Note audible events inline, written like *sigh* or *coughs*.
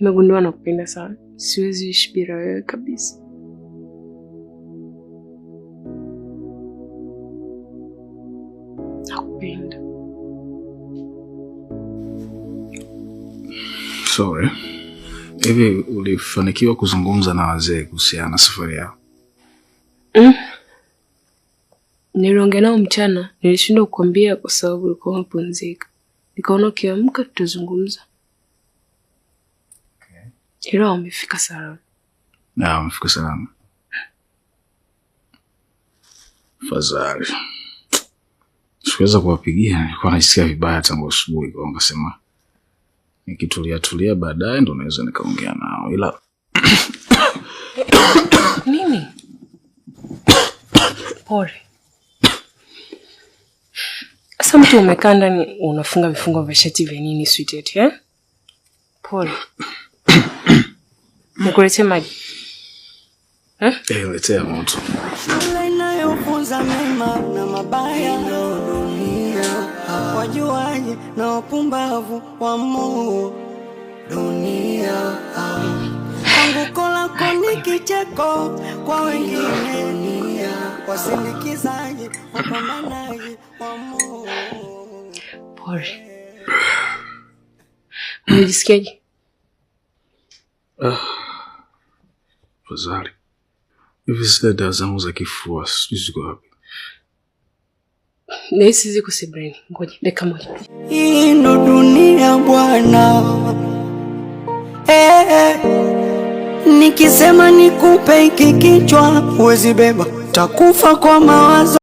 Nimegundua na kupenda sana, siwezi ishi bila wewe kabisa. Nakupenda. Sorry. Hivi ulifanikiwa kuzungumza na wazee kuhusiana na safari yao? Mm. Niliongea nao mchana, nilishindwa kukwambia kwa sababu ulikuwa umepumzika. Nikaona ukiamka tutazungumza. Ila amefika salama. Na amefika salama. Fadhali. Sikuweza kuwapigia, nilikuwa najisikia vibaya tangu asubuhi, kwa ngasema nikitulia tulia baadaye ndo naweza nikaongea nao. Ila *coughs* nini? Pole. Sasa mtu umekaa ndani unafunga vifungo vya shati vya nini sweetheart, eh? Pole. *coughs* Mkuletee maji. Eh? eh, letea moto. Shule inayofunza mema na mabaya, wajuaji na wapumbavu wa dunia. Anguko ni kicheko kwa wengine, wasindikizaji, wapambanaji wa Mungu. Pole. Unajisikiaje? Ah, Fadhali, hivi zile dawa zangu za kifua sijui ziko wapi? Nahisi ziko sebreni. Ngoja dakika moja. Hii ndo dunia bwana. Eh, eh. Nikisema nikupe hiki kichwa, huwezi beba, takufa kwa mawazo.